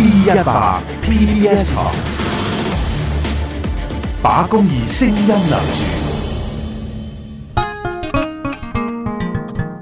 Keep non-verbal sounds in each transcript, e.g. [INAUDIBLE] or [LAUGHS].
D 一百 PBS 台，把公義聲音留住。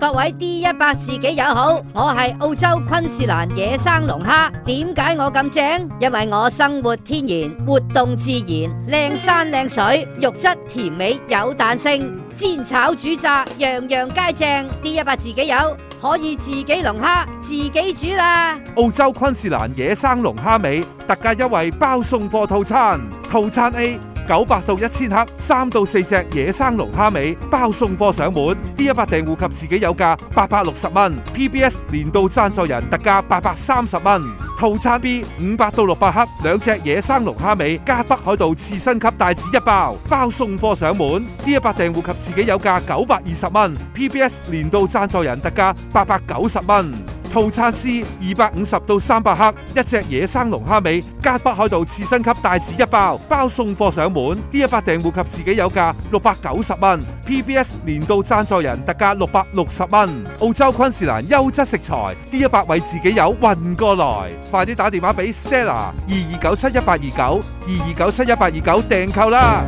各位 D 一百自己友好，我係澳洲昆士蘭野生龍蝦，點解我咁正？因為我生活天然，活動自然，靚山靚水，肉質甜美，有彈性，煎炒煮炸樣樣皆正。D 一百自己友。可以自己龍蝦，自己煮啦！澳洲昆士蘭野生龍蝦尾，特價優惠包送貨套餐，套餐 A。九百到一千克，三到四隻野生龍蝦尾，包送貨上門。D100 訂戶及自己有價八百六十蚊。PBS 年度贊助人特價八百三十蚊。套餐 B 五百到六百克，兩隻野生龍蝦尾加北海道刺身級帶子一包，包送貨上門。D100 訂戶及自己有價九百二十蚊。PBS 年度贊助人特價八百九十蚊。套餐是二百五十到三百克一隻野生龍蝦尾加北海道刺身級帶子一包包送貨上門。D100 訂戶及自己友價六百九十蚊。PBS 年度讚助人特價六百六十蚊。澳洲昆士蘭優質食材，D100 位自己友運過來，快啲打電話俾 Stella 二二九七一八二九二二九七一八二九訂購啦！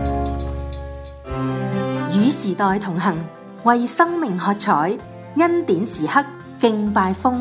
與時代同行，為生命喝彩，恩典時刻敬拜風。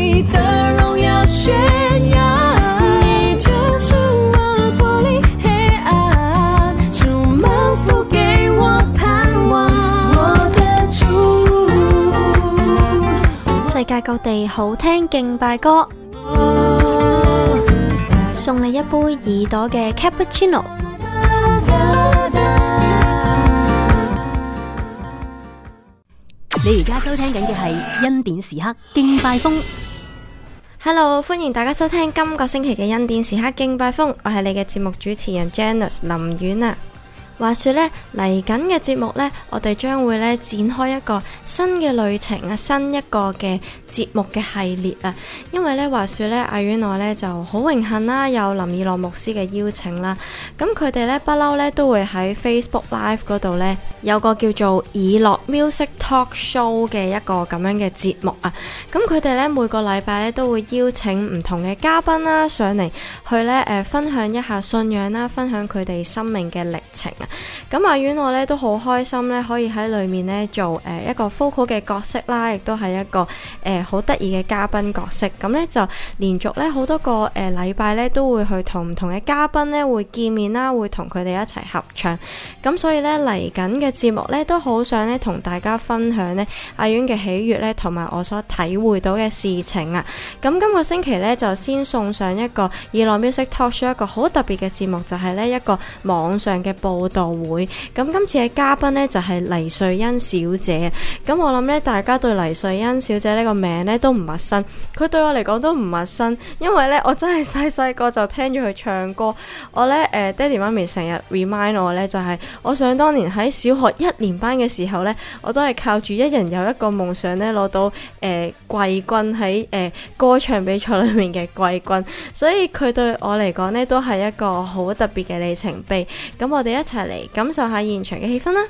世界各地好聽敬拜歌，送你一杯耳朵嘅 cappuccino。你而家收聽緊嘅係恩典時刻敬拜風。Hello，歡迎大家收聽今個星期嘅恩典時刻敬拜風，我係你嘅節目主持人 Janice 林苑啊。話說呢，嚟緊嘅節目呢，我哋將會呢展開一個新嘅旅程啊，新一個嘅節目嘅系列啊。因為呢，話說呢，阿遠來呢就好榮幸啦，有林以諾牧師嘅邀請啦。咁佢哋呢，不嬲呢都會喺 Facebook Live 嗰度呢，有個叫做以諾 Music Talk Show 嘅一個咁樣嘅節目啊。咁佢哋呢，每個禮拜呢都會邀請唔同嘅嘉賓啦上嚟去呢、呃，分享一下信仰啦，分享佢哋生命嘅歷程啊。咁阿婉我咧都好開心咧，可以喺裏面咧做誒、呃、一個 focal 嘅角色啦，亦都係一個誒好得意嘅嘉賓角色。咁咧就連續咧好多個誒禮拜咧都會去跟不同唔同嘅嘉賓咧會見面啦，會同佢哋一齊合唱。咁所以咧嚟緊嘅節目咧都好想咧同大家分享呢阿婉嘅喜悅咧同埋我所體會到嘅事情啊。咁今個星期咧就先送上一個二樂 music talk show 一個好特別嘅節目，就係、是、呢一個網上嘅報道。會咁今次嘅嘉賓呢，就係黎瑞恩小姐，咁我諗呢，大家對黎瑞恩小姐呢個名呢，都唔陌生，佢對我嚟講都唔陌生，因為呢，我真係細細個就聽住佢唱歌，我呢，誒爹哋媽咪成日 remind 我呢，就係、是，我想當年喺小學一年班嘅時候呢，我都係靠住一人有一個夢想呢，攞到誒季軍喺誒歌唱比賽裏面嘅季軍，所以佢對我嚟講呢，都係一個好特別嘅里程碑，咁我哋一齊。嚟感受下現場嘅氣氛啦！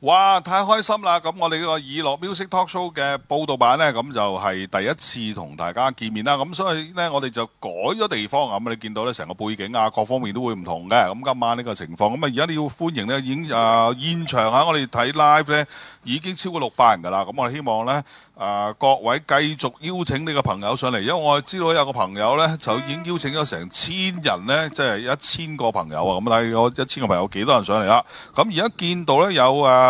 哇！太開心啦！咁我哋呢個耳樂 music talk show 嘅報導版咧，咁就係第一次同大家見面啦。咁所以咧，我哋就改咗地方啊。咁你見到咧，成個背景啊，各方面都會唔同嘅。咁今晚呢個情況，咁啊而家你要歡迎咧，已經啊現場啊，我哋睇 live 咧已經超過六百人噶啦。咁我哋希望咧啊各位繼續邀請呢個朋友上嚟，因為我知道有個朋友咧就已經邀請咗成千人咧，即係一千個朋友啊。咁睇我一千個朋友幾多人上嚟啦？咁而家見到咧有啊～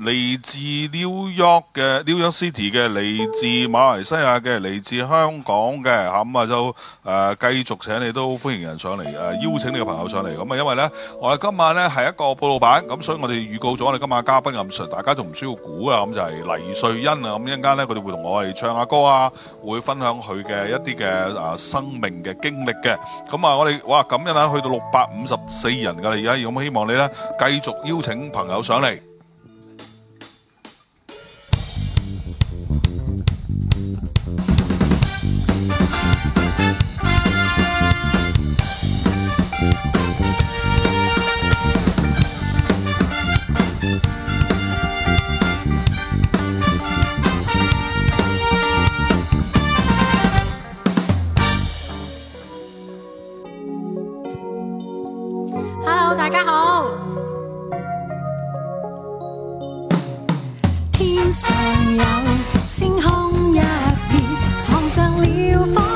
嚟自紐約嘅 New York City 嘅，嚟自馬來西亞嘅，嚟自香港嘅，咁、嗯、啊就誒繼、呃、續請你都歡迎人上嚟、呃，邀請你嘅朋友上嚟咁啊。因為呢，我哋今晚呢係一個報道版，咁、嗯、所以我哋預告咗我哋今晚嘅嘉賓咁，上、嗯、大家仲唔需要估啊？咁、嗯、就係、是、黎瑞恩啊，咁、嗯、一陣間呢，佢哋會同我哋唱下歌啊，會分享佢嘅一啲嘅、啊、生命嘅經歷嘅。咁、嗯、啊，我哋哇咁樣啦，去到六百五十四人噶啦，而家咁希望你呢？繼續邀請朋友上嚟。天上有星空一片，藏上了。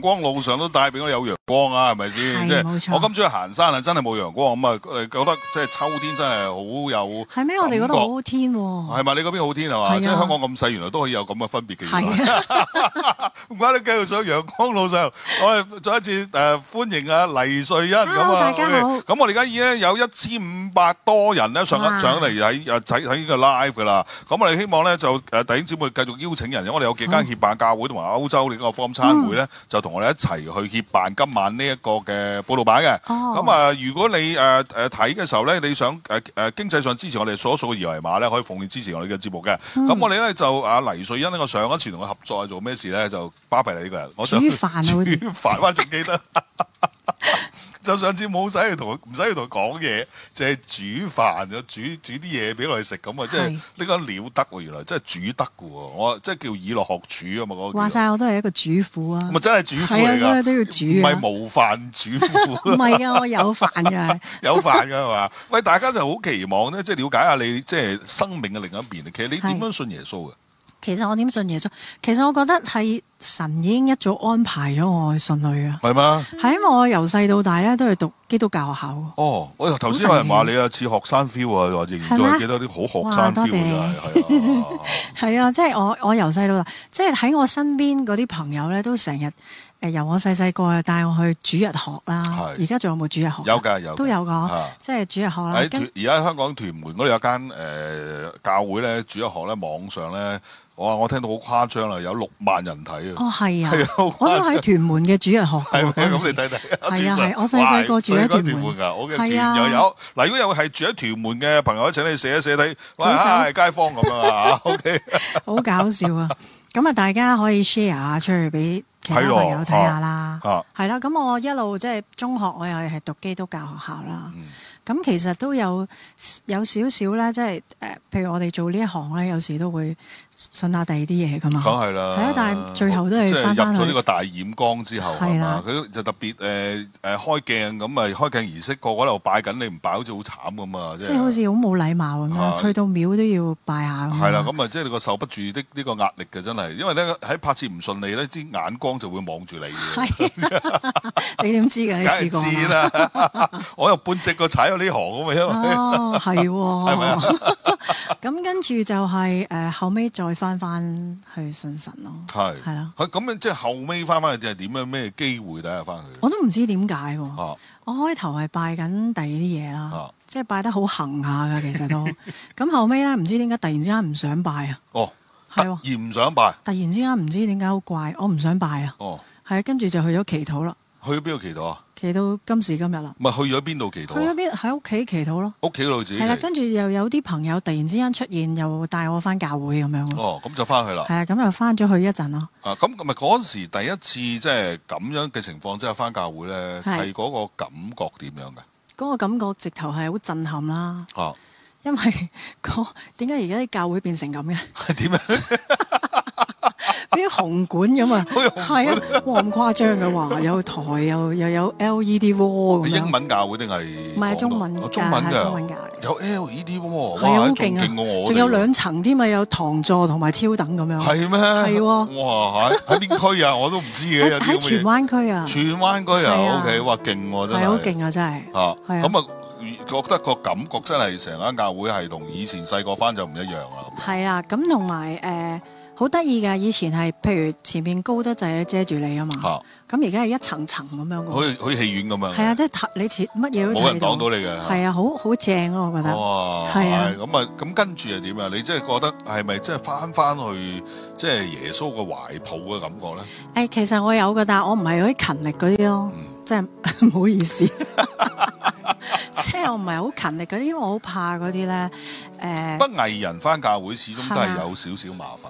光路上都帶俾我有陽。光啊，係咪先？係、即係、冇錯、我今朝去行山啊，真係冇陽光咁啊，覺得即係、即係、秋天真係好有係咩？我哋覺得天、啊、好天係咪？你嗰邊好天係嘛？即係、即係、香港咁細，原來都可以有咁嘅分別嘅。係唔該，啊、 [LAUGHS] [LAUGHS] 唔怪你繼續上陽光路上。我哋再一次誒、呃、歡迎啊黎瑞，瑞恩。Hello，大家好。咁啊咁我哋而家已經有一千五百多人咧上一上嚟喺誒睇睇呢個 live 噶啦。咁、嗯、我哋希望咧就誒弟兄姊妹繼續邀請人，我哋有幾間協辦教會同埋歐洲呢個方餐會咧，就同我哋一齊去協辦今。萬呢一個嘅報道版嘅，咁、oh. 啊，如果你睇嘅、呃、時候咧，你想、呃、經濟上支持我哋，掃一掃個二維碼咧，可以奉獻支持我哋嘅節目嘅。咁、hmm. 我哋咧就黎瑞恩咧，我上一次同佢合作做咩事咧，就巴閉你呢個人，煮飯啊，仲記得。 [LAUGHS] [LAUGHS] 就上次冇使去同佢，唔使去同佢講嘢，就係煮飯，就煮煮啲嘢俾我哋食咁啊！即係呢個了得喎，原來真係煮得嘅喎，我即係叫以樂學煮啊嘛嗰個。話曬我都係一個主婦啊。咪真係主婦嚟㗎。係啊，都要煮啊。唔係冇飯主婦。唔係啊，我有飯㗎，就係。 [LAUGHS] 有飯㗎嘛？喂，大家就好期望咧，即係了解一下你即係生命嘅另一面。其實你點樣信耶穌嘅？其實我點信耶穌？其實我覺得係神已經一早安排咗我去信佢嘅。係嘛？喺我由細到大咧，都係讀基督教學校。哦，我頭先有人話你啊，似學生 feel 啊，或者現在見到啲好學生 feel 啊，係 [LAUGHS] 啊，即係我我由細到大，即係喺我身邊嗰啲朋友咧，都成日誒由我細細個帶我去主日學啦。而家仲有冇主日學？有噶，有都有噶，即係主日學啦。喺而家香港屯門嗰度有間誒教會咧，主日學咧網上咧。我我聽到好誇張啦，有六萬人睇啊！哦，係啊，啊，啊，啊，啊，我都喺屯門嘅主人學校，係咁你睇睇，係啊，係我細細個住喺屯門㗎。係啊，又有嗱，如果有係住喺屯門嘅朋友，請請你寫一寫睇哇，係、啊哎哎、街坊咁啊嚇。 [LAUGHS] o、okay、K，好搞笑啊！咁啊，大家可以 share 出去俾其他朋友睇下啦。係啦，咁、啊啊啊、我一路即係中學，我又係讀基督教學校啦。咁、嗯、其實都有有少少咧，即係、呃、譬如我哋做呢一行咧，有時都會。信下第二啲嘢噶嘛，梗係啦。係啊，但係最後都係即係入咗呢個大染缸之後，係啦，佢就特別誒誒、呃、開鏡咁咪開鏡儀式，個個喺度拜緊你，唔拜好似好慘咁啊！即係好似好冇禮貌咁樣，去到廟都要拜下咁。係啦，咁啊，即係你個受不住啲呢個壓力嘅真係，因為咧喺拍攝唔順利咧，啲眼光就會望住你 [LAUGHS] 你點知㗎？你試過？梗係知啦， [LAUGHS] [LAUGHS] 我又半隻個踩喺呢行咁咪，嘛。哦、啊，係 [LAUGHS] 喎。 [LAUGHS] 咁跟住就係、是、誒、呃、後尾再翻翻去信神咯，係係咯，咁、嗯、即係後尾翻翻去就係點樣咩機會去？睇下翻去，我都唔知點解喎，我開頭係拜緊第二啲嘢啦，即、啊、係拜得好行下噶其實都，咁、啊、後尾咧唔知點解突然之間唔想拜啊，哦係而唔想拜，突然之間唔知點解好怪，我唔想拜啊，哦係跟住就去咗祈禱啦，去咗邊度祈禱啊？祈到今時今日啦，咪去咗邊度祈禱？去咗邊，喺屋企祈禱咯，屋企度自己。係啦，跟住又有啲朋友突然之間出現，又帶我翻教會咁樣。哦，咁就翻去啦。係啊，咁又翻咗去一陣咯。啊，咁咪嗰時第一次即係咁樣嘅情況下，之下翻教會咧，係嗰個感覺點樣嘅？嗰、嗰個感覺直頭係好震撼啦。哦、啊，因為、嗰個點解而家啲教會變成咁嘅？係點樣？係點樣？ [LAUGHS] 啲紅館咁 [LAUGHS] 是啊，係 [LAUGHS] 啊，哇咁誇張嘅話，有台又又有有 LED 喎你 [LAUGHS] 中、啊中啊、英文教會定係？唔係中文中文啊，教會。有 LED 喎，哇，仲勁過我仲有兩層添啊，有堂座同埋超等咁樣。係咩？係、啊、哇！喺喺邊區啊？ [LAUGHS] 我都唔知嘅。喺荃灣區啊。荃灣區啊，啊，OK，哇，勁啊真係。係好勁啊！真係。嚇，咁啊，啊啊覺得個感覺真係成間教會係同以前細個返就唔一樣啦。係啊，咁同埋誒。呃好得意㗎，以前係譬如前面高得滯咧，遮住你啊嘛，咁而家係一層層咁樣好似好似戲院咁樣。係啊，即係你前乜嘢都冇人講到你㗎。係啊，好好、啊、正咯，我覺得。哇！係啊，咁啊，咁跟住係點啊？嗯、你即係覺得係咪即係翻翻去即係、就是、耶穌嘅懷抱嘅感覺咧？誒，其實我有㗎。但係我唔係嗰啲勤力嗰啲咯，即係唔好意思， [LAUGHS] [LAUGHS] 即係我唔係好勤力嗰啲，因為我好怕嗰啲咧，誒不藝人翻教會始終都係有少少麻煩。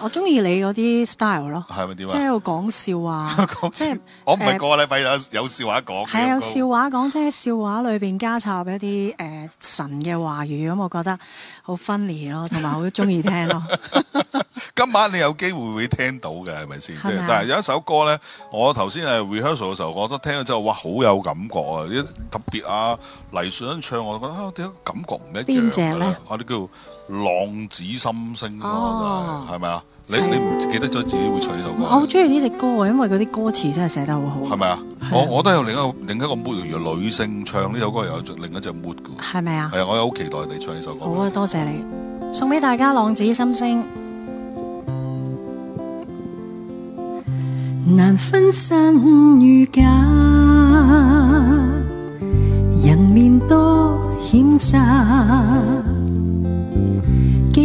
我中意你嗰啲 style 咯，即係喺講笑啊！ [LAUGHS] 即是、欸、我唔係個個禮拜有笑話講，係有笑話講，即係笑話裏邊加插一啲誒、呃、神嘅話語，咁我覺得好 funny 咯，同埋好中意聽咯。今晚你有機會會聽到嘅係咪先？即但係有一首歌咧，我頭先係 rehearsal 嘅時候，我都聽咗之後，哇，好有感覺啊！特別啊，黎瑞恩唱，我就覺得啊，點解感覺唔一樣？邊隻咧？我、啊、哋叫。浪子心聲，係咪啊？哦、你你唔記得咗自己會唱呢首，首歌？我好中意呢隻歌啊，因為嗰啲歌詞真係寫得好好。係咪啊？我我都有另一另一，有另一個 mood，女性唱呢首歌又另一隻 mood 噶。係咪啊？係啊，我有好期待你唱呢首歌。好啊，多謝你，送俾大家《浪子心聲》。難分真與假，人面多險詐。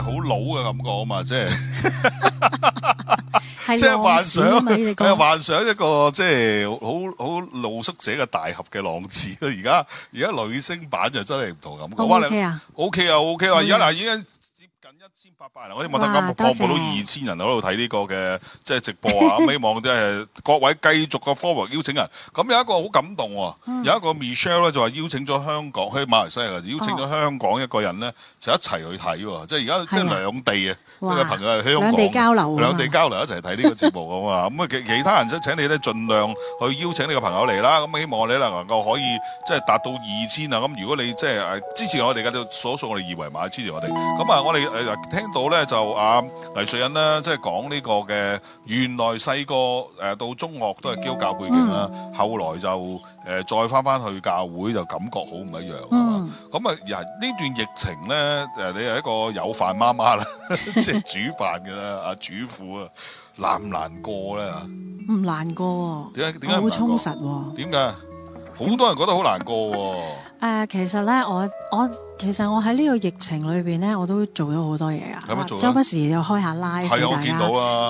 好老嘅感覺啊嘛，即係 [LAUGHS] 浪子 [LAUGHS] 即係幻想，幻想一個即係好好露宿者嘅大俠嘅浪子。而家而家女星版就真係唔同感覺。哇，你，O K O K 啊，O K 啊，而家嗱，而八百，我啲冇得咁破布到2，謝謝二千人喺度睇呢個嘅即係直播啊！咁希望即係各位繼續嘅 follow 邀請人。咁有一個好感動喎，有一個 Michelle 咧就話邀請咗香港喺馬來西亞，邀請咗香港一個人咧就一齊去睇喎。即係而家即係兩地啊，嘅朋友喺香港兩地交流，兩地交流一齊睇呢個節目啊嘛。咁、嗯、啊其他人即請你咧盡量去邀請你嘅朋友嚟啦。咁希望你能夠可以即係達到二千啊。咁如果你即係誒支持我哋嘅就掃掃我哋二維碼支持我哋。咁、嗯、啊，我哋誒聽。到咧就啊黎瑞恩咧，即係講呢個嘅，原來細個誒到中學都係基督教背景啦、嗯，後來就誒、呃、再翻翻去教會就感覺好唔一樣。咁、嗯、啊，呢段疫情咧，你係一個有飯媽媽啦， [LAUGHS] 即係煮飯嘅啦，啊主婦啊，難唔難過咧？唔難過，點解點解好充實？啊？點解？好多人覺得好難過。啊。誒、呃，其實咧，我我。其實我喺呢個疫情裏邊咧，我都做咗好多嘢啊。有乜做啊？周不時又開下 live 俾大家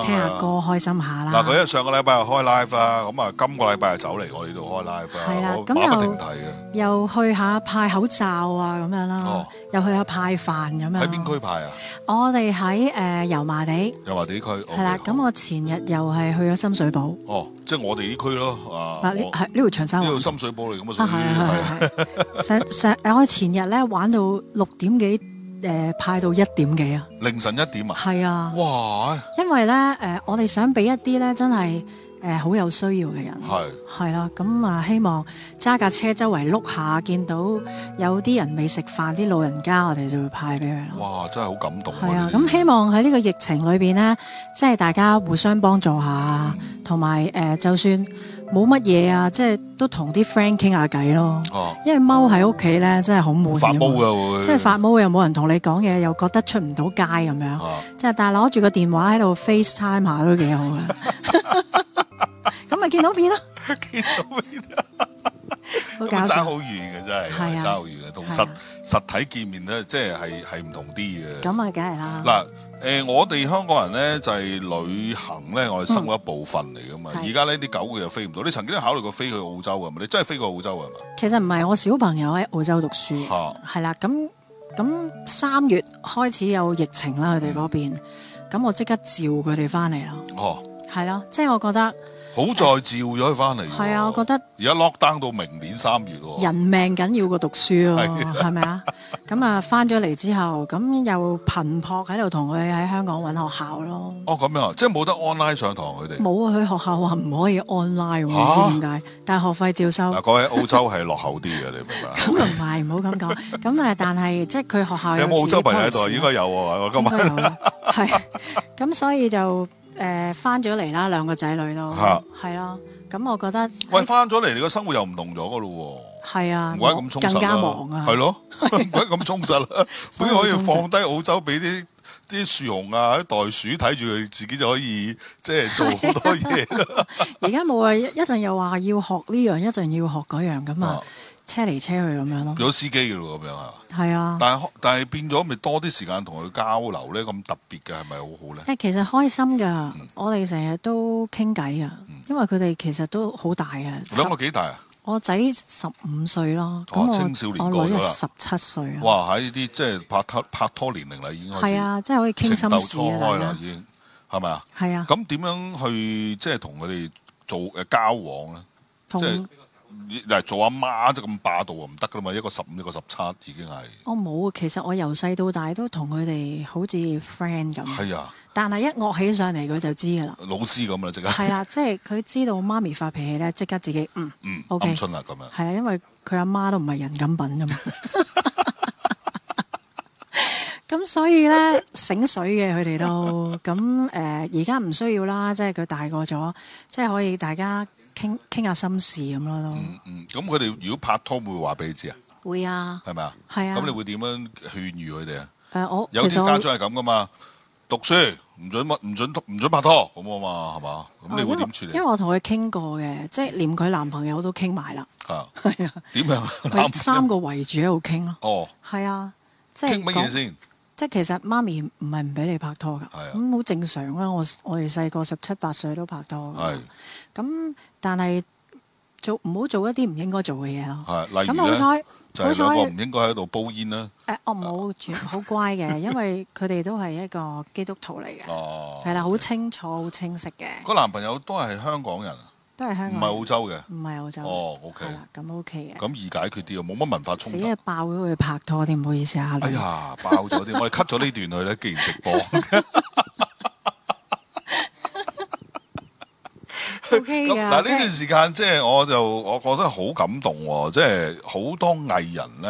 聽下歌，開心下啦。嗱，佢一上個禮拜又開 live 啊，咁啊，今個禮拜又走嚟我呢度開 live。係啦，咁又又去下派口罩啊，咁樣啦、哦，又去下派飯咁樣。喺邊區派啊？我哋喺誒油麻地、油麻地區係啦。咁、okay，我前日又係去咗深水埗。哦，即係我哋呢區咯。嗱、啊，呢條長沙河、深水埗嚟咁啊。 [LAUGHS] 上。係我前日咧玩到～六點幾誒、呃、派到一點幾啊？凌晨一點啊？係啊！哇！因為咧誒、呃，我哋想俾一啲咧真係誒好有需要嘅人係係啦，咁啊，啊希望揸架車周圍碌下，見到有啲人未食飯，啲老人家我哋就會派俾佢啦。哇！真係好感動。係啊，咁、啊、希望喺呢個疫情裏邊呢，即係大家互相幫助下，同埋誒，就算。冇乜嘢啊，即係都同啲 friend 傾下偈咯。哦、啊，因為踎喺屋企咧，真係好悶。發毛嘅、啊、會，即係發毛又冇人同你講嘢，又覺得出唔到街咁、啊、樣。即係但係攞住個電話喺度 FaceTime 下都幾好啊。咁 [LAUGHS] 咪 [LAUGHS] [LAUGHS] 見到面咯， [LAUGHS] 見到片 [LAUGHS] 都爭好遠嘅真係，爭好遠嘅，同實、啊、實體見面咧，即係係係唔同啲嘅。咁啊，梗係啦。嗱，誒，我哋香港人咧就係、是、旅行咧，我哋生活一部分嚟噶嘛。而、嗯、家呢啲狗嘅又飛唔到，你曾經都考慮過飛去澳洲噶嘛？你真係飛過澳洲噶嘛？其實唔係，我小朋友喺澳洲讀書，係、啊、啦，咁咁三月開始有疫情啦，佢哋嗰邊，咁我即刻召佢哋翻嚟啦。哦，係咯，即係我覺得。好在照咗佢翻嚟。係、哎、啊，我覺得而家 lock down 到明年三月喎。人命緊要過讀書啊，係咪啊？咁 [LAUGHS] 啊，翻咗嚟之後，咁又頻撲喺度同佢喺香港揾學校咯。哦，咁樣即係冇得 online 上堂佢哋。冇啊，佢學校話唔可以 online、啊、知點解？但係學費照收。嗱、啊，嗰位澳洲係落後啲嘅， [LAUGHS] 你明白？咁唔係，唔好咁講。咁誒， [LAUGHS] 但係即係佢學校有。有冇澳洲朋友喺度？應該有喎。我今日。係咁、啊，啊啊、 [LAUGHS] [LAUGHS] 所以就。誒翻咗嚟啦，兩個仔女都咁、啊啊、我覺得喂翻咗嚟，你個生活又唔同咗噶咯喎，係啊，唔係咁充實啦，更加忙啊，係咯、啊，唔可以咁充實啦、啊啊啊，所以，可以放低澳洲，俾啲啲樹熊啊、袋鼠睇住佢，自己就可以即係、就是、做好多嘢。而家冇啊， [LAUGHS] 一陣又話要學呢、這、樣、個，一陣要學嗰樣噶嘛。車嚟，車去咁樣咯，有司機嘅咁樣係咪？係啊。但係但係變咗咪多啲時間同佢交流咧？咁特別嘅係咪好好咧？誒，其實開心噶、嗯，我哋成日都傾偈啊，因為佢哋其實都好大啊。兩個幾大啊？我仔十五歲咯，我青少年，我女十七歲啊。哇！喺呢啲即係拍拖拍拖年齡啦、啊，已經係啊，即係可以傾心事啦，係咪啊？係啊。咁點樣去即係同佢哋做誒交往咧？即係。做阿媽就咁霸道啊，唔得噶嘛！一個十五，一個十七，已經係。我、哦、冇，其實我由細到大都同佢哋好似 friend 咁。係啊。但係一惡起上嚟，佢就知噶啦。老師咁啦，即刻。係啊，即係佢知道媽咪發脾氣咧，即刻自己嗯嗯 okay, 暗春啦咁樣。係啊，因為佢阿媽，媽都唔係人咁品㗎嘛。咁 [LAUGHS] [LAUGHS] 所以咧，醒水嘅佢哋都咁，誒，而家唔需要啦，即係佢大個咗，即係可以大家。傾傾下心事咁咯都。嗯，咁佢哋如果拍拖會話俾你知啊？會啊。係咪啊？係啊。咁你會點樣勸喻佢哋啊？誒、呃、我有啲家長係咁噶嘛，讀書唔准乜，唔準唔準拍拖咁啊嘛，係嘛？咁你會點處理？因為，因為我同佢傾過嘅，即係連佢男朋友都傾埋啦。係啊。點樣？ [LAUGHS] 佢三個圍住喺度傾咯。哦。係啊，即係傾乜嘢先？即係其實媽咪唔係唔俾你拍拖㗎，咁好、啊、正常啦。我我哋細個十七八歲都拍拖㗎，咁但係做唔好做一啲唔應該做嘅嘢咯。係，例如咧，就係、是、兩個唔應該喺度煲煙啦。誒、哎，我冇好乖嘅， [LAUGHS] 因為佢哋都係一個基督徒嚟嘅，係、哦、啦，好清楚、好清晰嘅。個男朋友都係香港人。都係香港，唔係澳洲嘅，唔係澳洲。哦、oh，OK，咁 OK 嘅，咁易解決啲啊，冇乜文化衝突。死啊！爆咗佢拍拖添，唔好意思啊。哎呀，爆咗啲， [LAUGHS] 我哋 cut 咗呢段去咧。既然直播 [LAUGHS] [LAUGHS] ，OK 嗱呢段時間即係、就是、我就我覺得好感動、哦，即係好多藝人咧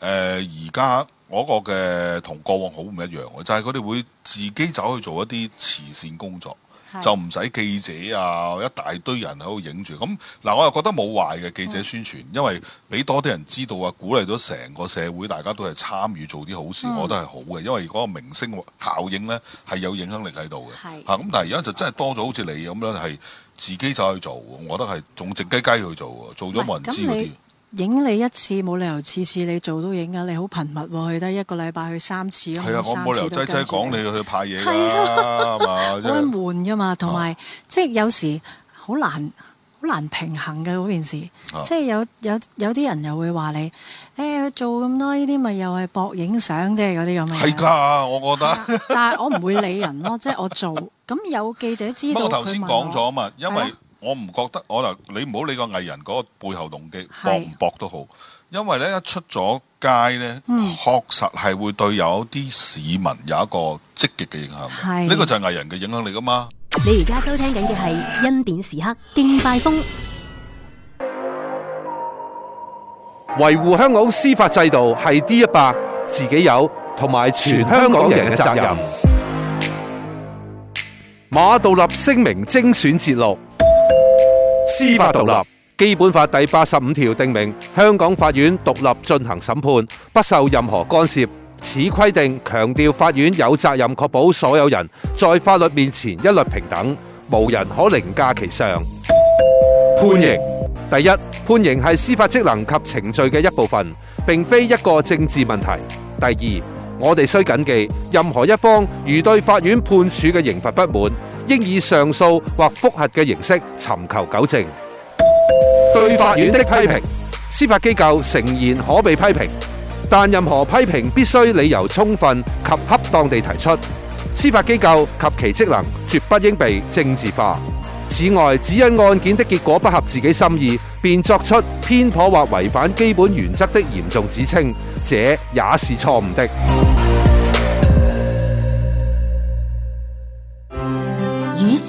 誒而家我個嘅同過往好唔一樣嘅、哦，就係佢哋會自己走去做一啲慈善工作。就唔使記者啊，一大堆人喺度影住咁嗱，我又覺得冇壞嘅記者宣傳、嗯，因為俾多啲人知道啊，鼓勵到成個社會大家都係參與做啲好事，嗯、我覺得係好嘅，因為嗰個明星效應呢係有影響力喺度嘅。咁、嗯，但係而家就真係多咗好似你咁樣係自己就去做，我覺得係仲靜雞雞去做，做咗冇人知嗰啲。影你一次，冇理由次次你做都影㗎！你好頻密喎，去得一個禮拜去三次咁、啊，三啊，我冇理由仔仔講你去拍嘢啦，啊啊、 [LAUGHS] 不是 [LAUGHS] 我會嘛。開悶噶嘛，同、啊、埋即係有時好難好難平衡嘅嗰件事。啊、即係有有有啲人又會話你，誒、哎、做咁多呢啲咪又係博影相啫嗰啲咁樣。係㗎、啊，我覺得。但係我唔會理人咯、啊， [LAUGHS] 即係我做咁有記者知道我頭先講咗嘛？因為。我唔覺得，我嗱，你唔好理個藝人嗰個背後動機博唔博都好，因為咧一出咗街咧，確、嗯、實係會對有啲市民有一個積極嘅影響，呢、這個就係藝人嘅影響力噶嘛。你而家收聽緊嘅係《恩典時刻》敬拜風，維護香港司法制度係 D 一百自己有，同埋全香港人嘅責,責任。馬道立聲明精選節錄。司法獨立，基本法第八十五條定明，香港法院獨立進行審判，不受任何干涉。此規定強調法院有責任確保所有人在法律面前一律平等，無人可凌駕其上。判刑，第一，判刑係司法職能及程序嘅一部分，並非一個政治問題。第二，我哋需謹記，任何一方如對法院判處嘅刑罰不滿。應以上訴或複核嘅形式尋求糾正。對法院的批評，司法機構誠然可被批評，但任何批評必須理由充分及恰當地提出。司法機構及其職能絕不應被政治化。此外，只因案件的結果不合自己心意，便作出偏頗或違反基本原則的嚴重指稱，這也是錯誤的。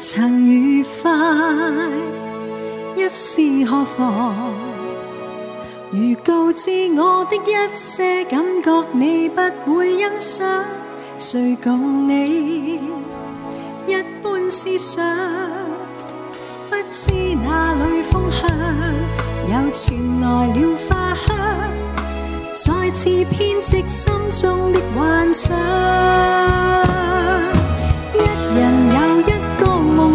曾愉快，一試何妨？如告知我的一些感覺，你不會欣賞。誰共你一般思想？不知哪裏風向，又傳來了花香，再次編織心中的幻想。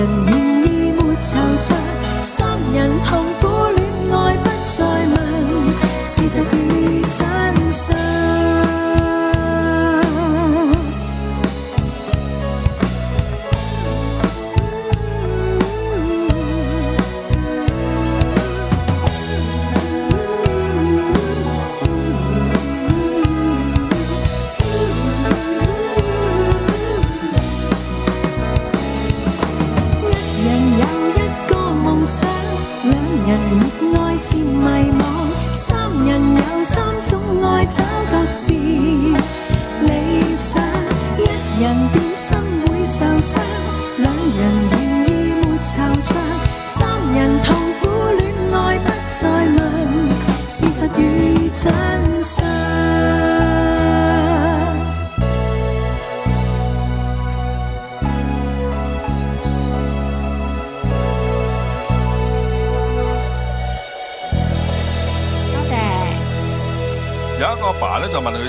人願意沒惆悵。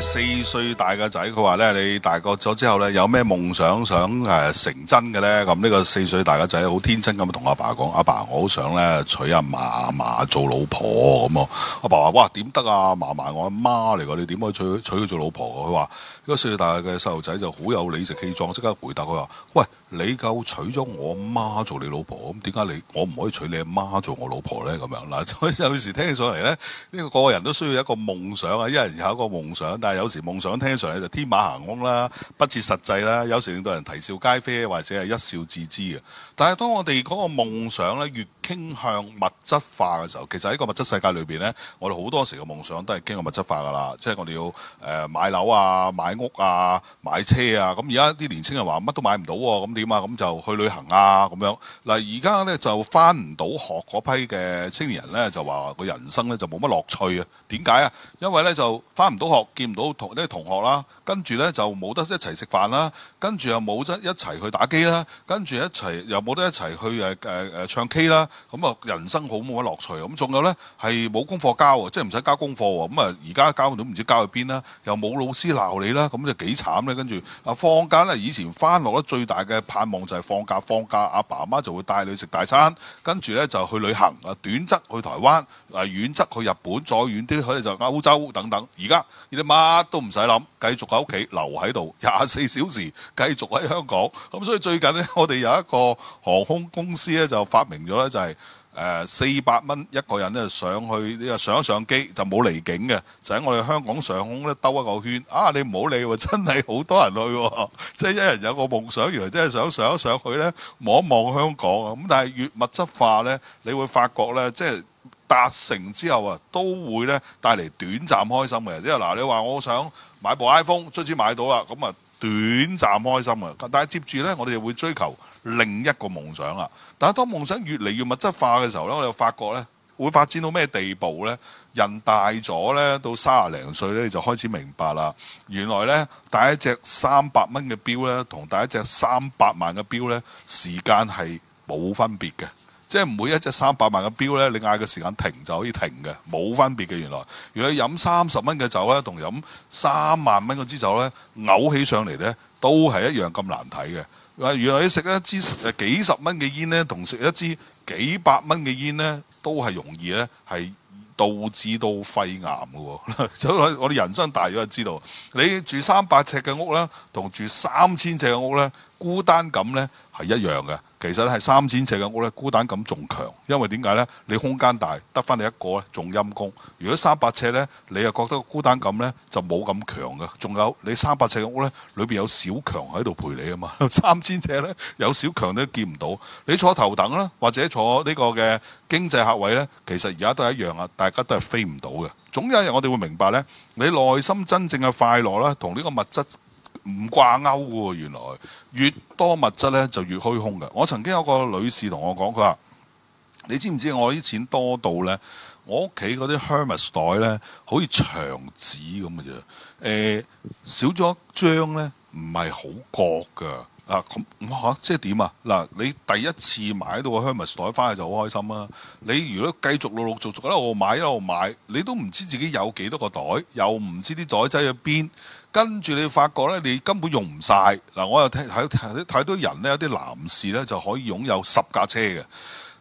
四歲大嘅仔，佢話咧：你大個咗之後咧，有咩夢想想誒、呃、成真嘅咧？咁呢個四歲大嘅仔好天真咁同阿爸講：阿爸,爸，我好想咧娶阿嫲嫲做老婆咁啊！阿爸話：哇，點得啊？嫲嫲我阿媽嚟㗎，你點可以娶娶佢做老婆？佢話：，呢、啊呢個四歲大嘅細路仔就好有理直氣壯，即刻回答佢話：喂！你夠娶咗我媽做你老婆，咁點解你我唔可以娶你阿媽做我老婆呢？咁樣嗱，所 [LAUGHS] 以有時聽起上嚟呢呢個個人都需要一個夢想啊，一人有一個夢想，但係有時夢想聽上嚟就天馬行空啦，不切實際啦，有時令到人啼笑皆非，或者係一笑置之。但係當我哋嗰個夢想呢越傾向物質化嘅時候，其實喺個物質世界裏邊呢，我哋好多時嘅夢想都係傾向物質化噶啦，即係我哋要誒、呃、買樓啊、買屋啊、買車啊。咁而家啲年輕人話乜都買唔到喎，咁嘛咁就去旅行啊，咁樣嗱，而家咧就翻唔到學嗰批嘅青年人咧就話個人生咧就冇乜樂趣啊？點解啊？因為咧就翻唔到學，見唔到同啲同學啦，跟住咧就冇得一齊食飯啦，跟住又冇得一齊去打機啦，跟住一齊又冇得一齊去誒誒誒唱 K 啦，咁啊人生好冇乜樂趣啊！咁、嗯、仲有咧係冇功課交啊，即係唔使交功課喎，咁啊而家交到，唔知交去邊啦，又冇老師鬧你啦，咁就幾慘咧！跟住啊放假咧以前翻落咧最大嘅。盼望就係放假，放假阿爸阿媽就會帶你去食大餐，跟住呢就去旅行。啊，短則去台灣，啊遠則去日本，再遠啲佢哋就歐洲等等。而家你哋乜都唔使諗，繼續喺屋企留喺度，廿四小時繼續喺香港。咁所以最近呢，我哋有一個航空公司呢就發明咗呢，就係、是。誒四百蚊一個人咧上去，你又上一上機就冇離境嘅，就喺我哋香港上空咧兜一個圈。啊！你唔好理喎，真係好多人去喎，即係一人有個夢想，原來真係想上一上去咧望一望香港啊！咁但係越物質化咧，你會發覺咧，即係達成之後啊，都會咧帶嚟短暫開心嘅。即係嗱，你話我想買一部 iPhone，終於買到啦，咁啊～短暫開心啊，但係接住呢，我哋就會追求另一個夢想啦。但係當夢想越嚟越物質化嘅時候呢，我就發覺呢，會發展到咩地步呢？人大咗呢，到三廿零歲呢，你就開始明白啦。原來呢，戴一隻三百蚊嘅錶呢，同戴一隻三百萬嘅錶呢，時間係冇分別嘅。即係每一隻三百萬嘅錶咧，你嗌個時間停就可以停嘅，冇分別嘅原來。如果你飲三十蚊嘅酒咧，同飲三萬蚊嗰支酒咧，嘔起上嚟咧都係一樣咁難睇嘅。原來你食一支誒幾十蚊嘅煙咧，同食一支幾百蚊嘅煙咧，都係容易咧，係導致到肺癌㗎喎。走我哋人生大咗就知道，你住三百尺嘅屋咧，同住三千尺嘅屋咧，孤單感咧係一樣嘅。其實係三千尺嘅屋呢，孤單感仲強，因為點解呢？你空間大，得返你一個咧，仲陰功。如果三百尺呢，你又覺得孤單感呢，就冇咁強嘅。仲有你三百尺嘅屋呢，裏面有小強喺度陪你啊嘛。三千尺呢，有小強你都見唔到。你坐頭等啦，或者坐呢個嘅經濟客位呢，其實而家都係一樣啊，大家都係飛唔到嘅。總有一日我哋會明白呢，你內心真正嘅快樂啦，同呢個物質。唔掛勾喎，原來越多物質呢就越虛空嘅。我曾經有個女士同我講，佢話：你知唔知我啲錢多到呢？我屋企嗰啲 hermes 袋呢，好似長紙咁嘅啫。誒，少咗張呢，唔係好覺㗎。啊，咁吓即係點啊？嗱、啊啊啊，你第一次買到個 hermes 袋翻去就好開心啦、啊。你如果繼續陸陸續續喺我買一路買，你都唔知自己有幾多個袋，又唔知啲袋擠喺邊。跟住你發覺咧，你根本用唔晒。嗱，我又睇睇睇睇到人咧，有啲男士咧就可以擁有十架車嘅。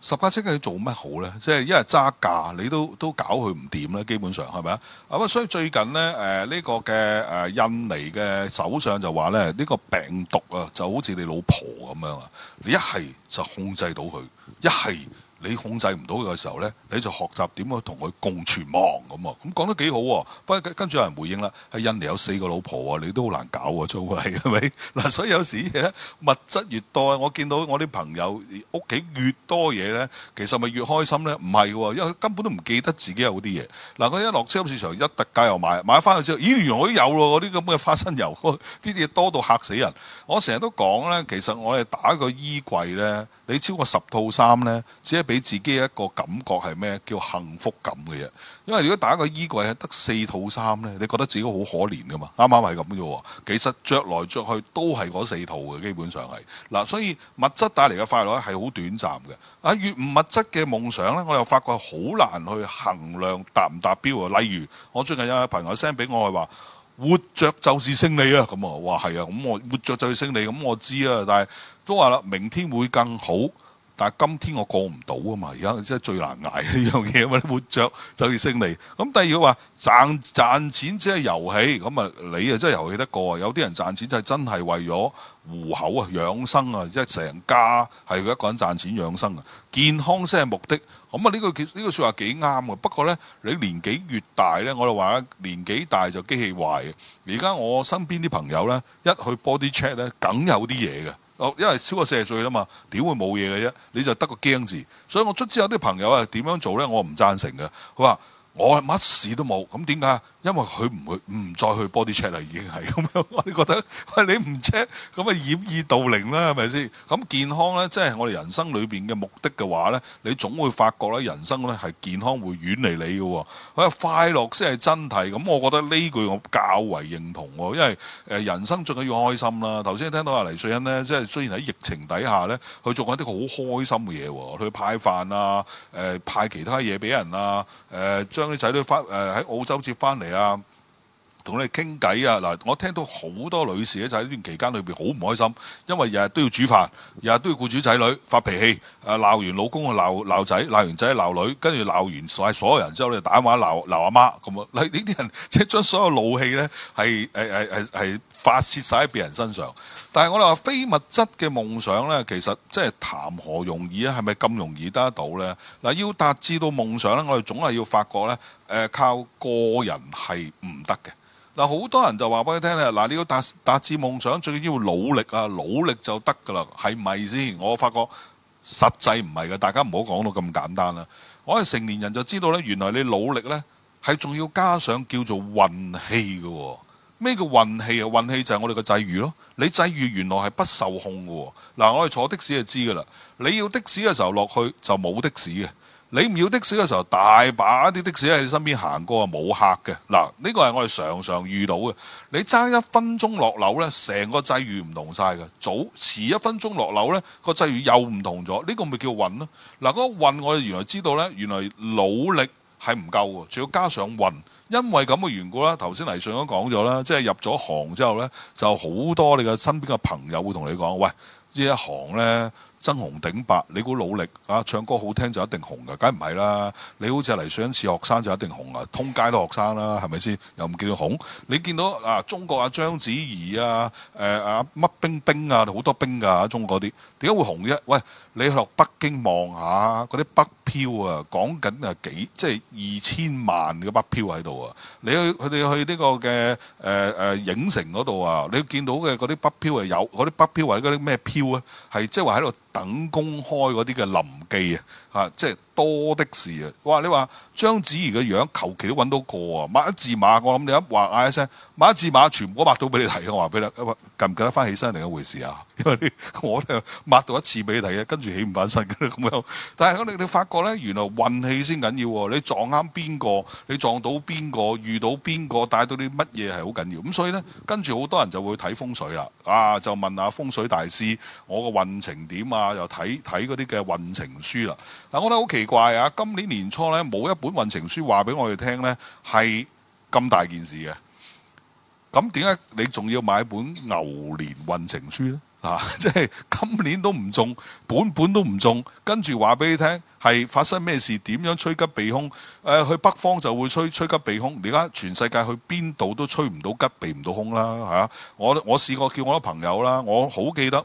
十架車係做咩好咧？即係一係揸架，你都都搞佢唔掂呢，基本上係咪啊？咁啊，所以最近咧，呢、這個嘅印尼嘅首相就話咧，呢、這個病毒啊，就好似你老婆咁樣啊，你一係就控制到佢，一係。你控制唔到嘅時候呢，你就學習點去同佢共存亡咁啊！咁講得幾好喎，不過跟住有人回應啦，喺印尼有四個老婆喎，你都好難搞喎，真係係咪？嗱，所以有時啲嘢物質越多，我見到我啲朋友屋企越多嘢呢，其實咪越開心呢？唔係，因為根本都唔記得自己有啲嘢。嗱，佢一落車入市場一特價又買，買翻去之後，咦？原來有喎！嗰啲咁嘅花生油，啲嘢多到嚇死人。我成日都講呢，其實我哋打個衣櫃呢，你超過十套衫呢。只俾自己一個感覺係咩？叫幸福感嘅嘢。因為如果打個衣櫃係得四套衫呢，你覺得自己好可憐噶嘛？啱啱係咁啫喎。其實着來着去都係嗰四套嘅，基本上係嗱。所以物質帶嚟嘅快樂係好短暫嘅。啊，越唔物質嘅夢想呢，我又發覺好難去衡量達唔達標的。例如，我最近有一個朋友 send 俾我係話：活着就是勝利啊！咁啊，話係啊，咁我活着就是勝利，咁我知啊。但係都話啦，明天會更好。但係今天我過唔到啊嘛，而家即係最難捱呢樣嘢，咪活着就要勝利。咁第二個話賺賺錢只係遊戲，咁啊你啊真係遊戲得過？有啲人賺錢就係真係為咗糊口啊、養生啊，即係成家係佢一個人賺錢養生啊，健康先係目的。咁啊呢個呢、呢個説話幾啱嘅。不過咧，你年紀越大咧，我哋話啦，年紀大就機器壞嘅。而家我身邊啲朋友咧，一去 body check 咧，梗有啲嘢嘅。哦，因為超過四十歲啦嘛，點會冇嘢嘅啫？你就得個驚字，所以我出之後啲朋友啊點樣做咧？我唔贊成嘅。佢話我乜事都冇，咁點解？因為佢唔會唔再去 body check 啦，已經係咁樣。我哋覺得，喂你唔 check，咁啊掩耳盜鈴啦，係咪先？咁健康咧，即係我哋人生裏面嘅目的嘅話咧，你總會發覺咧，人生咧係健康會遠離你嘅。佢為快樂先係真諦。咁我覺得呢句我較為認同，因為誒人生最緊要開心啦。頭先聽到阿黎瑞恩咧，即係雖然喺疫情底下咧，佢做緊一啲好開心嘅嘢，佢派飯啊、呃，派其他嘢俾人啊，誒將啲仔女翻誒喺澳洲接翻嚟。啊，同你哋傾偈啊！嗱，啊，我聽到好多女士咧，就喺呢段期間裏邊好唔開心，因為日日都要煮飯，日日都要顧住仔女，發脾氣，誒、啊、鬧完老公去鬧鬧仔，鬧完仔鬧女，跟住鬧完晒所有人之後就人，就打電話鬧鬧阿媽咁啊！呢呢啲人即係將所有怒氣呢，係誒誒係。發泄晒喺別人身上，但係我哋話非物質嘅夢想呢，其實即係談何容易啊？係咪咁容易得得到呢？嗱，要達至到夢想呢，我哋總係要發覺呢，誒、呃、靠個人係唔得嘅。嗱，好多人就話俾你聽咧，嗱你要達達至夢想，最緊要努力啊，努力就得㗎啦，係咪先？我發覺實際唔係嘅，大家唔好講到咁簡單啦。我哋成年人就知道呢，原來你努力呢，係仲要加上叫做運氣㗎喎。咩叫運氣啊？運氣就係我哋個際遇咯。你際遇原來係不受控喎。嗱，我哋坐的士就知噶啦。你要的士嘅時候落去就冇的士嘅，你唔要的士嘅時候大把啲的，的士喺你身邊行過啊，冇客嘅。嗱，呢個係我哋常常遇到嘅。你爭一分鐘落樓呢，成個際遇唔同晒嘅。早遲一分鐘落樓呢，個際遇又唔同咗。呢個咪叫運咯。嗱，嗰個運我哋原來知道呢，原來努力係唔夠喎。仲要加上運。因為咁嘅緣故啦，頭先黎信都講咗啦，即係入咗行之後呢，就好多你嘅身邊嘅朋友會同你講，喂。呢一行咧，真紅頂白，你估努力啊唱歌好聽就一定紅嘅？梗唔係啦！你好似嚟上一次學生就一定紅啊，通街都學生啦，係咪先？又唔見到紅，你見到啊中國啊章子怡啊，誒啊乜、啊、冰冰啊，好多冰㗎、啊，中國啲點解會紅嘅？喂，你去落北京望下嗰啲北漂啊，講緊啊幾即係二千萬嘅北漂喺度啊！你去佢哋去呢個嘅誒誒影城嗰度啊，你見到嘅嗰啲北漂係有嗰啲北漂或者嗰啲咩漂？啊，係即係話喺度。等公開嗰啲嘅臨記啊，嚇，即係多的是啊！哇，你話章子怡嘅樣求其都揾到個啊，抹一字馬，我諗你一話嗌一聲，抹一字馬全部都抹到俾你睇，我話俾你，啊、記唔記得翻起身另一回事啊！因為我咧抹到一次俾你睇啊，跟住起唔翻身嘅咁樣。但係你你發覺咧，原來運氣先緊要喎！你撞啱邊個，你撞到邊個，遇到邊個，帶到啲乜嘢係好緊要。咁所以咧，跟住好多人就會睇風水啦。啊，就問下風水大師，我個運程點啊？啊！又睇睇嗰啲嘅運程書啦。嗱、啊，我覺得好奇怪啊！今年年初呢，冇一本運程書話俾我哋聽呢，係咁大件事嘅。咁點解你仲要買一本牛年運程書呢？啊，即係今年都唔中，本本都唔中，跟住話俾你聽係發生咩事？點樣吹吉避兇？誒、呃，去北方就會吹吹吉避兇。而家全世界去邊度都吹唔到吉，避唔到兇啦嚇、啊！我我試過叫我啲朋友啦，我好記得。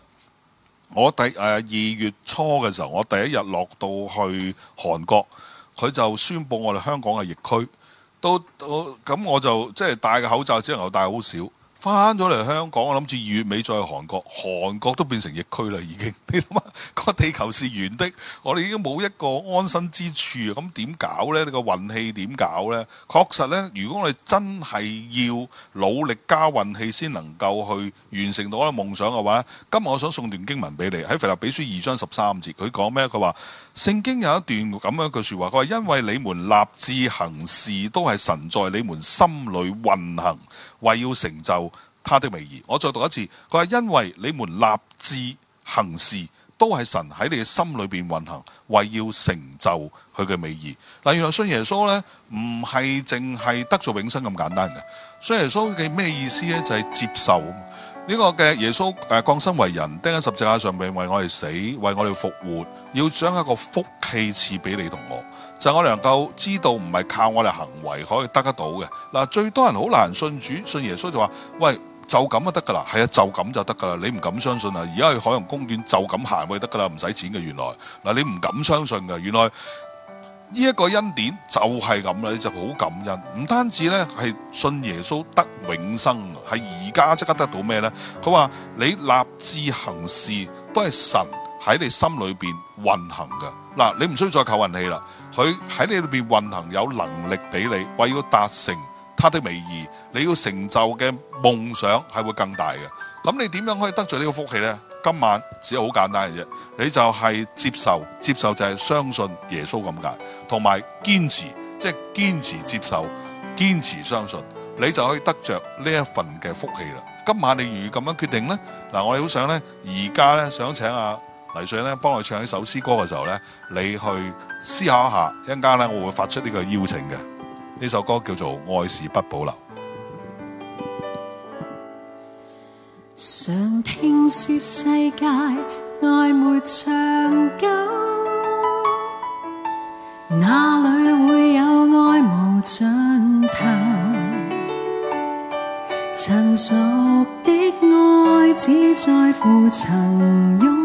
我第、呃、二月初嘅時候，我第一日落到去韓國，佢就宣布我哋香港嘅疫區，都都，咁我就即係戴個口罩，只能夠戴好少。翻咗嚟香港，我諗住二月尾再去韓國，韓國都變成疫區啦，已經。你諗下，個地球是圓的，我哋已經冇一個安身之處啊！咁點搞呢？你個運氣點搞呢？確實呢，如果我哋真係要努力加運氣，先能夠去完成到嗰個夢想嘅話，今日我想送段經文俾你，喺《腓立比書》二章十三節，佢講咩？佢話聖經有一段咁樣一句説話，佢話因為你們立志行事都係神在你們心裏運行。為要成就他的美意，我再讀一次。佢話因為你們立志行事，都係神喺你嘅心裏邊運行，為要成就佢嘅美意。嗱，原來信耶穌呢，唔係淨係得咗永生咁簡單嘅。信耶穌嘅咩意思呢？就係、是、接受呢、呢個嘅耶穌誒降生為人，釘喺十字架上邊為我哋死，為我哋復活，要將一個福氣賜俾你同我。就是、我能夠知道，唔係靠我哋行為可以得得到嘅嗱。最多人好難信主，信耶穌就話：喂，就咁就得噶啦，係啊，就咁就得噶啦。你唔敢相信啦？而家去海洋公園就咁行咪得噶啦，唔使錢嘅。原來嗱，你唔敢相信㗎。原來呢一、這個恩典就係咁啦，你就好感恩。唔單止呢係信耶穌得永生，係而家即刻得到咩呢？佢話你立志行事都係神喺你心裏邊運行嘅嗱，你唔需要再靠運氣啦。佢喺你裏邊運行，有能力俾你為要達成他的美意，你要成就嘅夢想係會更大嘅。咁你點樣可以得著呢個福氣咧？今晚只係好簡單嘅啫，你就係接受，接受就係相信耶穌咁解，同埋堅持，即係堅持接受，堅持相信，你就可以得著呢一份嘅福氣啦。今晚你願唔願咁樣決定咧？嗱，我哋好想咧，而家咧想請阿。黎瑞呢，咧幫我唱一首詩歌嘅時候呢，你去思考一下，一陣間咧我會發出呢個邀請嘅。呢首歌叫做《愛是不保留》。常聽說世界愛沒長久，哪裡會有愛無盡頭？塵俗的愛只在乎曾擁。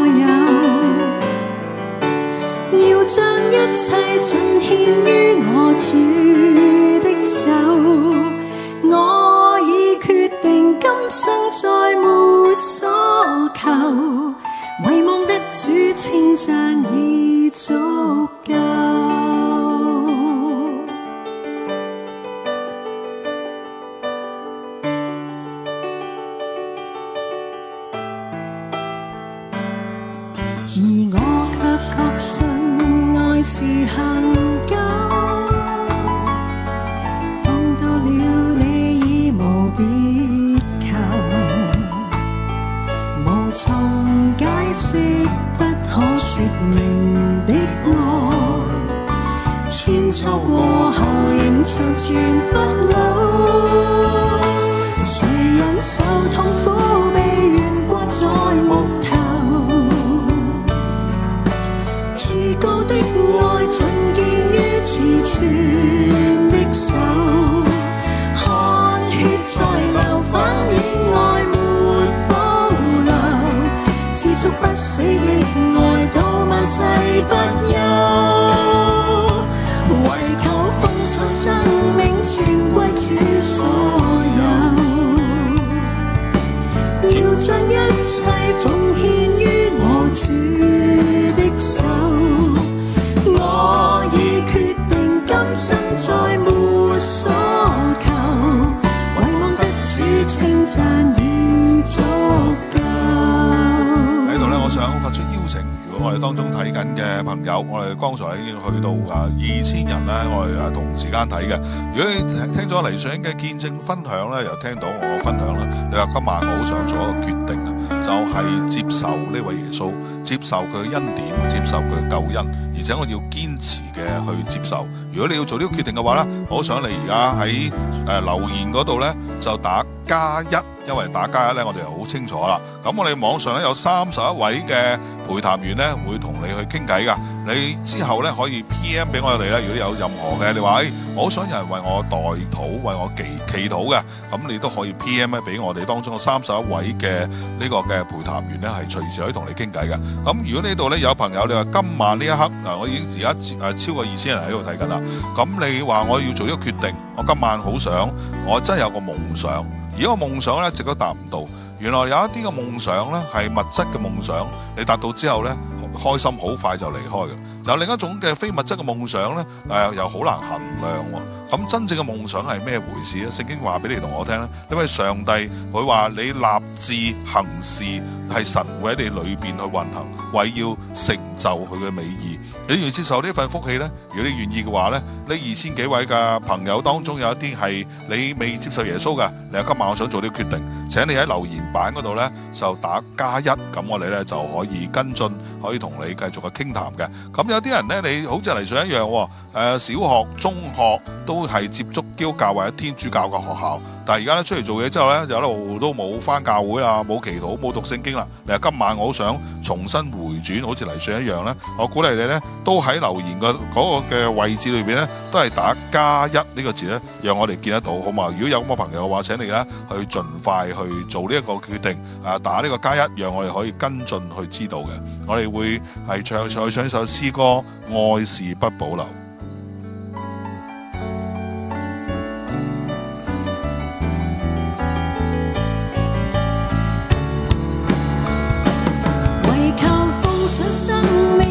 一切盡獻於我主的手，我已決定今生再沒所求，唯望得主稱讚已足夠。再沒所求，得此稱讚已足夠。喺度呢，我想發出邀請。如果我哋當中睇緊嘅朋友，我哋剛才已經去到啊二千人咧，我哋啊同時間睇嘅。如果你聽咗黎瑞恩嘅見證分享咧，又聽到我分享咧，你話今晚我好想做一個決定啊，就係接受呢位耶穌。接受佢嘅恩典，接受佢嘅救恩，而且我要堅持嘅去接受。如果你要做呢個決定嘅話呢，我想你而家喺誒留言嗰度呢，就打加一，因為打加一呢我哋好清楚啦。咁我哋網上呢有三十一位嘅陪談員呢會同你去傾偈㗎。你之後咧可以 P.M. 俾我哋啦。如果有任何嘅，你話、哎，我好想有人為我代禱，為我祈祈禱嘅，咁你都可以 P.M. 咧俾我哋當中三十一位嘅呢個嘅陪談員咧，係隨時可以同你傾偈嘅。咁如果呢度咧有朋友，你話今晚呢一刻，嗱，我已經而家超超過二千人喺度睇緊啦。咁你話我要做一個決定，我今晚好想，我真係有個夢想，而個夢想咧一直都達唔到，原來有一啲嘅夢想咧係物質嘅夢想，你達到之後咧，開心好快就離開嘅，有另一種嘅非物質嘅夢想呢，誒又好難衡量喎。咁真正嘅夢想係咩回事呢？聖經話俾你同我聽呢，因為上帝佢話你立志行事係神會喺你裏邊去運行，為要成就佢嘅美意。你願意接受呢份福氣呢？如果你願意嘅話呢，呢二千幾位嘅朋友當中有一啲係你未接受耶穌嘅，你阿今晚我想做啲決定，請你喺留言板嗰度呢，就打加一，咁我哋呢就可以跟進，可以。同你繼續去傾談嘅，咁有啲人呢，你好似嚟上一樣，喎、呃。小學、中學都係接觸基督教或者天主教嘅學校，但係而家咧出嚟做嘢之後呢，就一路都冇翻教會啦，冇祈禱，冇讀聖經啦。你話今晚我好想重新回。好似黎水一樣，我鼓勵你呢，都喺留言嗰個嘅位置裏面，呢都係打加一呢個字呢，讓我哋見得到好嘛？如果有咁嘅朋友嘅話，請你呢去盡快去做呢一個決定，打呢、呢個加一，讓我哋可以跟進去知道嘅。我哋會唱唱首詩歌，愛是不保留。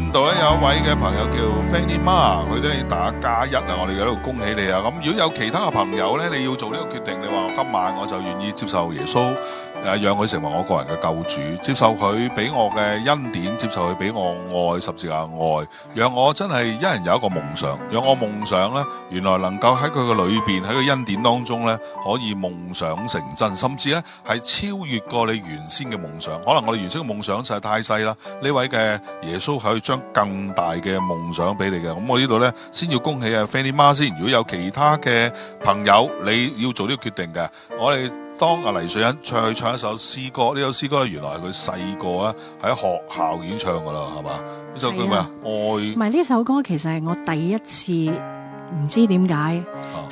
呢度咧有一位嘅朋友叫 Fanny 媽，佢都要打加一啊！我哋喺度恭喜你啊！咁如果有其他嘅朋友咧，你要做呢個決定，你話今晚我就願意接受耶穌，誒，讓佢成為我個人嘅救主，接受佢俾我嘅恩典，接受佢俾我愛十字架嘅愛，讓我真係一人有一個夢想，讓我夢想咧原來能夠喺佢嘅裏邊喺個恩典當中咧可以夢想成真，甚至咧係超越過你原先嘅夢想。可能我哋原先嘅夢想實在太細啦。呢位嘅耶穌係去。將更大嘅夢想俾你嘅，咁我呢度咧先要恭喜啊 Fanny 媽先。如果有其他嘅朋友你要做呢個決定嘅，我哋當阿黎瑞欣唱去唱一首詩歌。呢首詩歌原來係佢細個喺學校演唱噶啦，係嘛？呢首叫咩啊？愛。唔係，呢首歌其實係我第一次。唔知點解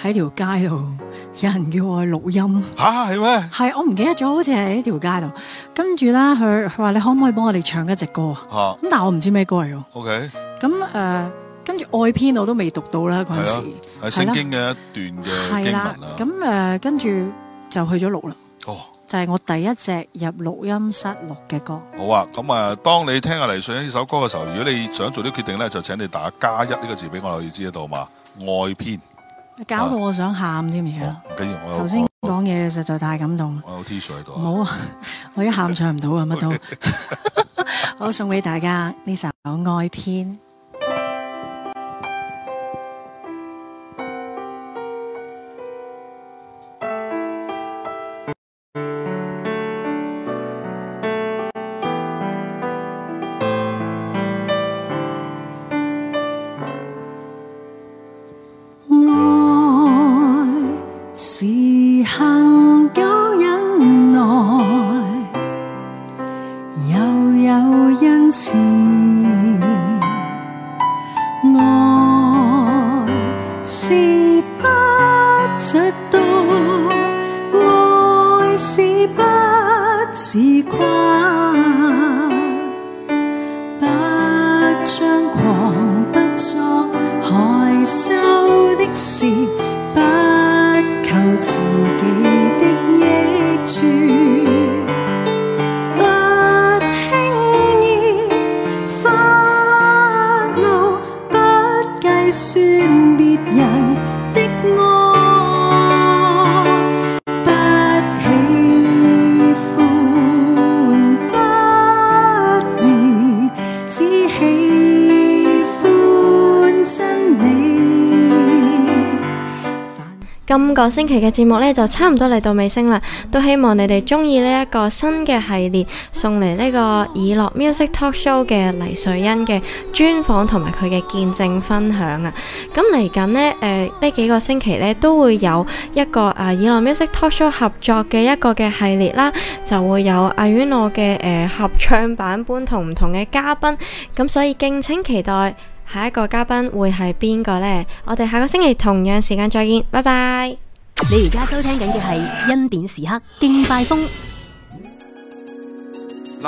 喺條街度，有人叫我去錄音吓係咩？係我唔記得咗，好似係喺條街度。跟住咧，佢佢話你可唔可以幫我哋唱一隻歌？吓咁，但係我唔知咩歌嚟嘅。OK，咁誒，跟住外篇我都未讀到啦。嗰陣時係聖經嘅一段嘅經文啦。咁誒，跟住就去咗錄啦。哦，就係我第一隻入錄音室錄嘅歌。好啊，咁啊，當你聽阿黎瑞英呢首歌嘅時候，如果你想做啲決定咧，就請你打加一呢個字俾我，我要知得到嘛。愛篇，搞到我想喊添，而家頭先講嘢實在太感動。我有 T 恤喺度，冇啊、嗯，我一喊唱唔到啊，乜 [LAUGHS] 都，okay. [LAUGHS] [LAUGHS] 好，送俾大家呢首愛《愛篇》。時限。個星期嘅節目呢，就差唔多嚟到尾聲啦，都希望你哋中意呢一個新嘅系列，送嚟呢個以樂 music talk show 嘅黎瑞恩嘅專訪同埋佢嘅見證分享啊！咁嚟緊誒呢、呃、幾個星期呢，都會有一個啊以樂 music talk show 合作嘅一個嘅系列啦，就會有阿阮樂嘅誒合唱版本和同唔同嘅嘉賓，咁所以敬請期待下一個嘉賓會係邊個呢？我哋下個星期同樣時間再見，拜拜。你而家收聽緊嘅係《恩典時刻敬拜風》。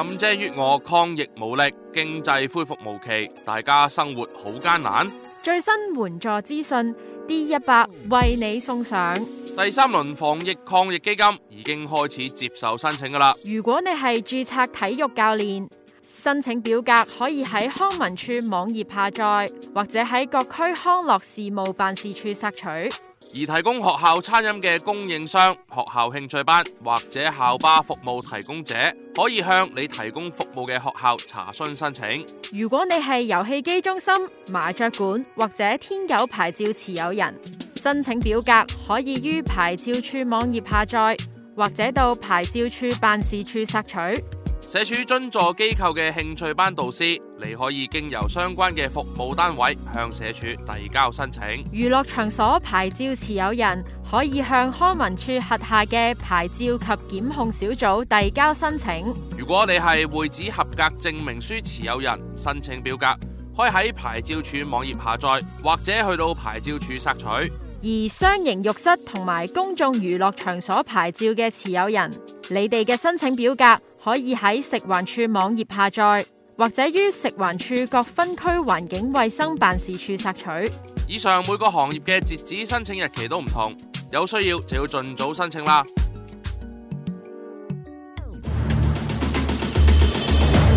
林鄭月娥抗疫無力，經濟恢復無期，大家生活好艱難。最新援助資訊，D 一百為你送上。第三輪防疫抗疫基金已經開始接受申請噶啦。如果你係注冊體育教練，申請表格可以喺康文署網頁下載，或者喺各區康樂事務辦事處索取。而提供學校餐飲嘅供應商、學校興趣班或者校巴服務提供者，可以向你提供服務嘅學校查詢申請。如果你係遊戲機中心、麻雀館或者天狗牌照持有人，申請表格可以於牌照處網頁下載，或者到牌照處辦事處索取。社署津助機構嘅興趣班導師，你可以經由相關嘅服務單位向社署遞交申請。娛樂場所牌照持有人可以向康文署轄下嘅牌照及檢控小組遞交申請。如果你係會址合格證明書持有人，申請表格可以喺牌照處網頁下載，或者去到牌照處索取。而商營浴室同埋公眾娛樂場所牌照嘅持有人，你哋嘅申請表格。可以喺食環署網頁下載，或者於食環署各分區環境衛生辦事處索取。以上每個行業嘅截止申請日期都唔同，有需要就要盡早申請啦。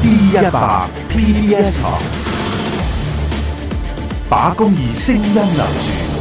D100 PBS 台，把公義聲音留住。